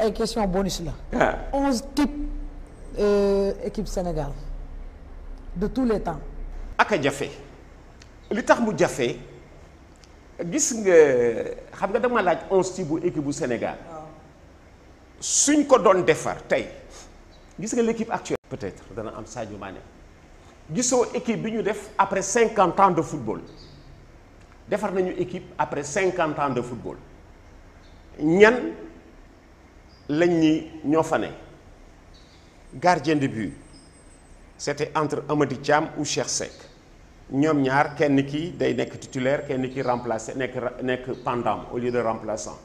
ay question bonus la ah. onze types euh, équipe Sénégal de tous les temps ak jafe li tax mu jafe gis nga xam nga dama laaj onze types bu équipe bu Sénégal suñ ko doon defar tey gis nga l'équipe actuelle peut-être dana am Sadio Mané gisoo équipe bi ñu def après cinquante ans de football defar nañu équipe après cinquante ans de football ñan lañ ñi ñoo fa ne gardien de but c'était entre Amady Thiam ou Cheikh Seck ñoom ñaar kenn ki day nekk titulaire kenn ki remplacé nekk nekk pendant au lieu de remplaçant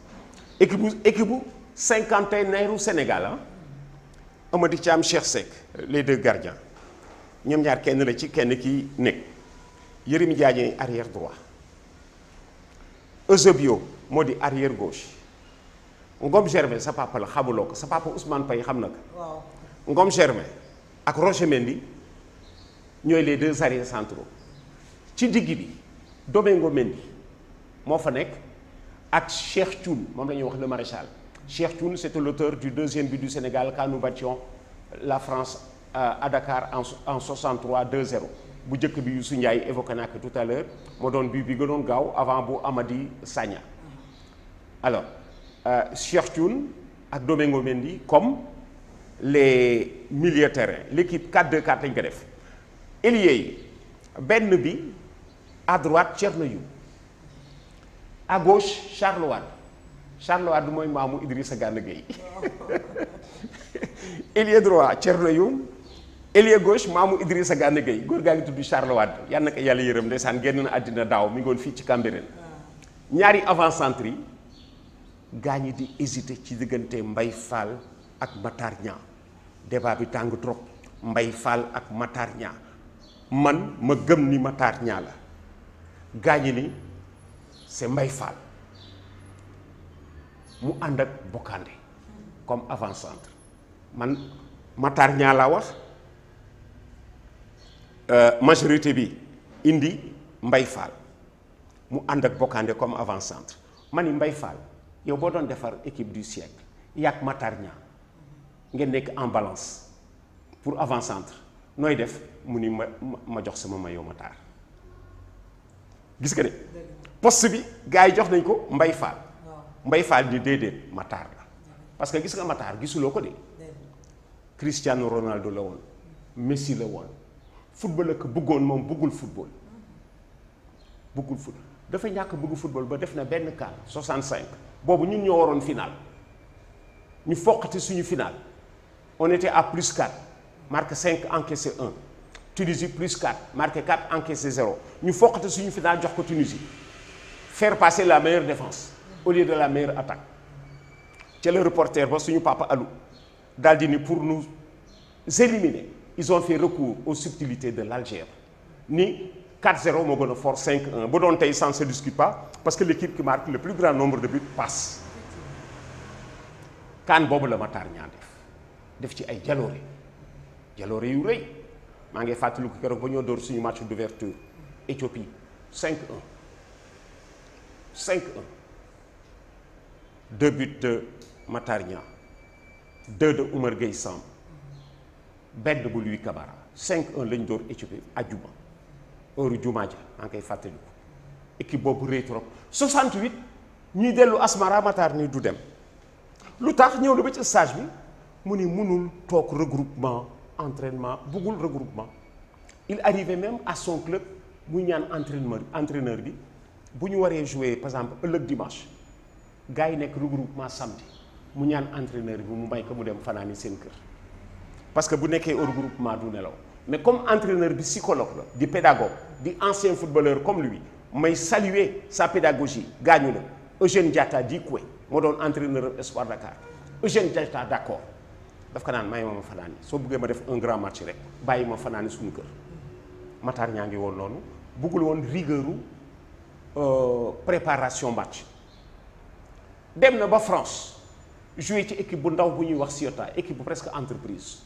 équipe bu équipe bu cinquantenaire Sénégal ah Amady Thiam Cheikh Seck les deux gardiens ñoom ñaar kenn la ci kenn ki nekk Yérim Diagne arrière droit Eusebio moo di arrière gauche. Ngom Germain sa papa la xamuloo ko sa papa Ousmane Paye xam na Ngom Germain ak Roger Mendy ñooy les deux arrières centraux ci digg bi Domingo Mendy moo fa nekk ak Cheikh Thioune moom la ñuy wax le maréchal Cheikh Thioune c' était l' du deuxième bi du Sénégal quand bation la France à Dakar en en 63 2 bu njëkk bi Youssou Ndiaye évoqué naa ko tout à l'heure moo doon but bi gënoon gaaw avant bu amadi Sagna Euh, Cheikh Thioune ak Domingo Mendy comme les milieux terrain l'équipe 4-2-4 lañ ko def ailier yi benn bi à droite Thierno Youm à gauche Charles Wade Charles Wade mooy maamu Idrissa Gana Gueye ailier droit Thierno Youm ailier gauche maamu Idrissa Gana Gueye góor gaa ngi tudd Charles Wade yal na ko yàlla yërëm ndeysaan génn na àddina daaw mi ngi fii ci Cambérène ah. ñaari avant-centre yi gaa ñi di hésité ci diggante Mbay Fall ak Matar Niang débat bi tàng trop Mbay Fall ak Matar Niang man ma gëm ni Matar Niang la gaa ñi ni c'est Mbay Fall mu ànd ak Bokande comme avant-centre man Matar Niang laa wax euh, majorité bi indi Mbay Fall mu ànd ak Bokande comme avant-centre ma ni Mbay Fall yow boo doon defar équipe du siècle yàq Matar Niang ngeen nekk en balance pour avant-centre nooy def mu ni ma ma jox sama ma yow gis nga de poste bi gars yi jox nañ ko mbay Fall Mbaye Fall ni déedéet Matar la parce que gis nga Matar gisuloo ko de Cristiano Ronaldo la woon Messi la woon football ak bëggoon moom bëggul football mm-hmm. bëggul football dafa ñàkk bëgg football ba def na benn CAN 65 boobu ñun ñoo waroon finaal ñu foq foqati suñu final on était à plus 4 marqué 5 encaissé 1 Tunisie plus 4 marqué 4 encaissé 0 ñu foqati suñu final jox ko Tunisie faire passer la meilleure défense au lieu de la meilleure attaque ca reporter ba suñu papa Alou daal di ni pour nous éliminer ils ont fait recours aux subtilités de l'Algérie ni. 4-0 moo gën a fort 5-1 bu doon tey ça ne se discute pas parce que l'équipe qui marque le plus grand nombre de buts passe kaan boobu la Matar def def ci ay jaloore jaloore yu rëy maa ngi fàttaliku keroog ba ñoo door suñu match d'ouverture Éthiopie cinq 1 5-1 deux buts de Matar Niang deux de Oumar Gueye Samb benn bu Louis Camara 5-1 lañ door Éthiopie ajuma heure jumaa ja maa ngi koy fàttaliku équipe boobu rëy trop 68 ñuy dellu Asmara Matar ni du dem lu tax ñëw na ba ci stage bi mu ni munul toog regroupement entraînement buggul regroupement il arrivait même à son club muy ñaan entraîneur entraîneur bi bu ñu waree jouer par exemple ëllëg dimanche gaa yi nekk regroupement samedi mu ñaan entraîneur bi mu may ko mu dem fanaani seen kër parce que bu nekkee au regroupement du nelaw mais comme entraîneur bi psychologue la di pédagogue di ancien footballeur comme lui may saluer sa pédagogie gaañu na Eugène jata di Koué moo doon entraîneur Espoir Dakar Eugène Diatta d'accord daf ko naan may ma ma fanaani soo bëggee ma def un grand match rek bàyyi ma fanaani suñu kër Matar ñaa ngi woon noonu bëggul woon rigueuru euh, préparation match dem na ba France joué ci équipe bu ndaw bu ñuy wax Ciotat équipe bu presque entreprise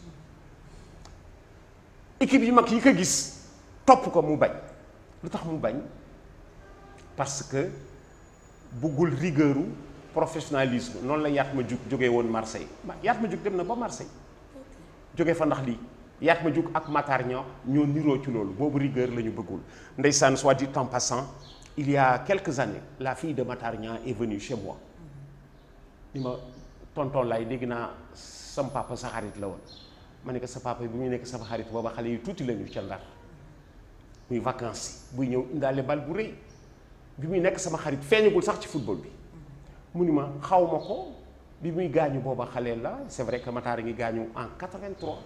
équipe yu mag yi ko gis topp ko mu bañ lu tax mu bañ parce que bëggul rigueuru professionnalisme noonu la yaat ma jug jóge woon Marseille yaat ma jug dem na ba Marseille jóge fa ndax lii yaat ma jug ak Matar ñoo ñoo niroo ci loolu boobu rigueur la ñu bëggul ndeysaan soit di en passant il y quelques années la fille de Matar Niang est venue chez ma tonton lay dégg naa sam sa xarit la woon ma ne ko sa papa bi muy nekk sama xarit booba xale yi tuuti lañu ca ndar muy vacances buy ñëw indaale bal bu rëy bi muy nekk sama xarit feeñagul sax ci football bi mu ni ma xaw ma ko bi muy gaañu booba xale la c'est vrai que Matar ngi gaañu en 83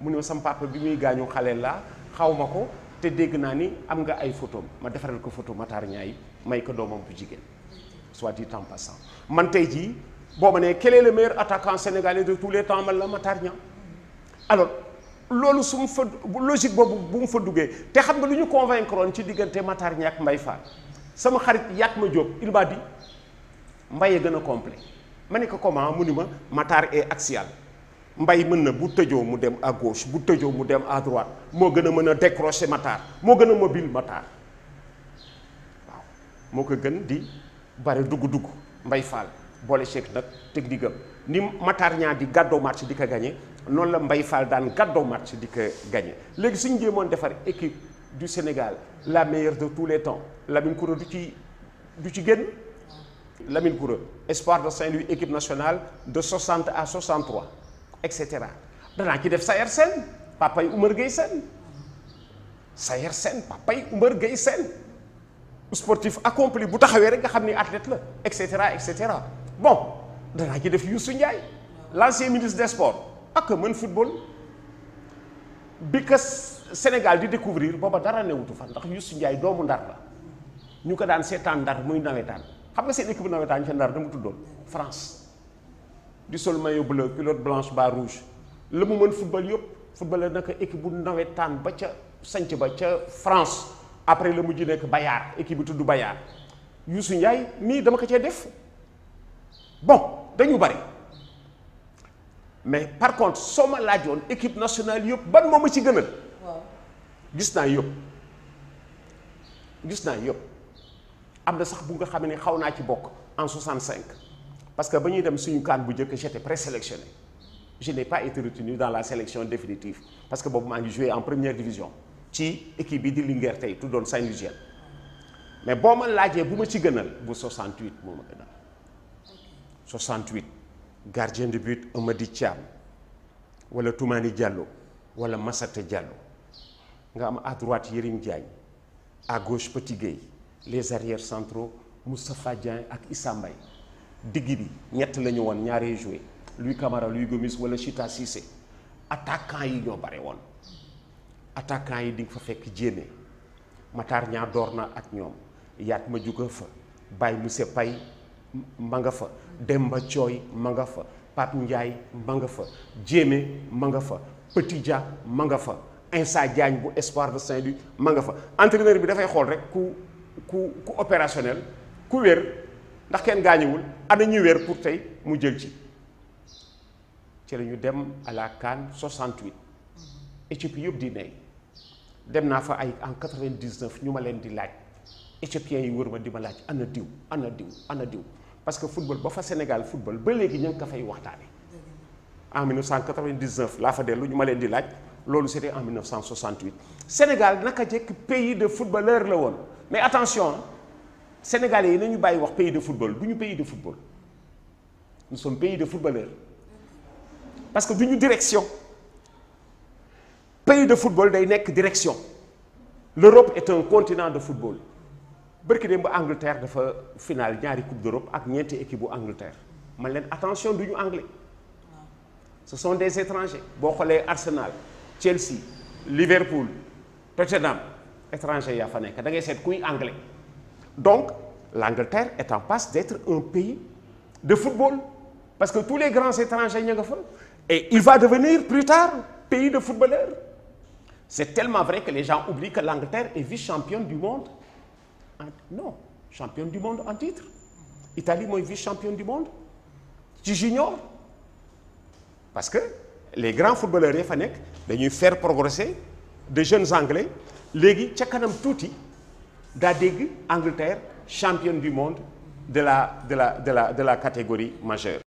mu ni sama papa bi muy gaañu xale la xaw ma ko te dégg naa ni am nga ay photo ma defaral ko photo Matar Ñaay may ko doomam bu jigéen soit dit en passant man tey jii boo ma nee quel est le meilleur de tous les temps man la Matar Ñaay alors loolu su mu fa logique boobu bu mu fa duggee te xam nga lu ñu convaincre woon ci diggante Matar ñàkk Mbay Fall sama xarit yaat ma jóg il m'a dit Mbaye gën a complet ma ne ko comment mu ni ma Matar est axial mbay mën na bu tëjoo mu dem à gauche bu tëjoo mu dem à droite moo gën a mën a décrocher Matar moo gën a mobile Matar waaw moo ko gën di bari dugg-dugg Mbay Fall boole check nag technique am ni Matar Niang di gàddoo match di ko gagné noonu la mbay Fall daan gàddoo match dikk ko léegi suñu jéemoon defar équipe du Sénégal la meilleure de tous les temps Lamine Koura du ci du ci génn Lamine Koura espoir de Saint-Louis équipe nationale de 60 à 63 et cetera danaa ci def Sayer Sène papay Oumar Gueye Sène Sayer Sène papay Oumar Gueye Sène sportif accompli bu taxawee rek nga xam ni athlète la et cetera et cetera bon danaa ci def Youssou Ndiaye l'ancien ministre de sports ak mën football bi ka Sénégal di découvrir booba dara newutu fa ndax Youssou Ndiaye doomu ndar la ñu ko daan seetaan ndar muy nawetaan xam nga seen équipe nawetaan ca ndar dama tuddoon France di sol maillot bleu culotte blanche bas rouge la mu mën football yëpp football naka équipe bu nawetaan ba ca sanc ba ca France après la mujj nekk Bayard équipe bi tudd Bayard Youssou Ndiaye nii dama ko def bon dañu bari mais par contre soo ma laajoon équipe nationale yëpp ban moom ma ci gënal. waaw gis naa yëpp gis naa yëpp am na sax bu nga xam ne xaw naa ci bokk en 65 parce que ba ñuy dem suñu kaan bu jëkk j'étais présélectionné je n'ai pas été retenu dans la sélection définitive parce que boobu maa ngi joué en première division ci équipe bi di Linguère tey tuddoon Saint-Louisien mais boo ma laajee bu ma ci gënal bu 68 moo ma gënal. 68 gardien de but Amady Thiam wala Toumani Diallo wala Massata Diallo nga am à droite Yérim Diagne à gauche les arrières centraux Moustapha Diagne ak Issa Mbaye digg bi ñett la woon ñaaree joué Louis Camara Louis Gomis wala Chita Cissé attaquant yi ñoo bare woon attaquant yi di nga fa fekk jéeme Matar ñaa door na ak ñoom yaat ma juga fa Baye Mousse Paye ma nga fa Demba Cooy ma nga fa Pape Ndiaye ma nga fa Jéeme ma nga fa Petit Dia ma nga fa instant Diagne bu Espoir de Saint-Louis ma nga fa entraîneur bi dafay xool rek ku ku ku opérationnel ku wér ndax kenn gaañuwul ana ñuy wér pour tey mu jël ci ci lañu dem à la CAN 68 éthiopie yëpp di ney dem naa fa ay en 99 ñu ma leen di laaj éthiopiens yi wër ma di ma laaj ana diw ana diw ana diw parce que football ba fa Sénégal football ba léegi ñu ngi ko fay waxtaane en 1999 laa fa dellu ñu ma leen di laaj loolu c'était en 1968 Sénégal naka jekk pays de footballeur la woon mais attention sénégal yi nañu bàyyi wax pays de football du ñu pays de football nous sommes de footballeur parce que du ñu direction pays de football day nekk direction l'Europe est un continent de football bërki démb bu Angleterre dafa final ñaari coupe d'Europe ak ñeenti équipe bu Angleterre man leen attention du ñu anglais ce sont des étrangers boo xoolee Arsenal Chelsea Liverpool Tottenham étranger yaa fa nekk da ngay seet kuy anglais donc l'Angleterre est en passe d'être un pays de football parce que tous les grands étrangers ña nga fa et il va devenir plus tard pays de footballeurs c'est tellement vrai que les gens oublient que l'Angleterre est non championne du monde en titre Italie mooy vice championne du monde ci junior parce que les grands footballeurs yi fa nekk dañuy faire progresser de jeunes anglais léegi ca kanam tuuti daa dégg Angleterre championne du monde de la de la de la de la catégorie majeure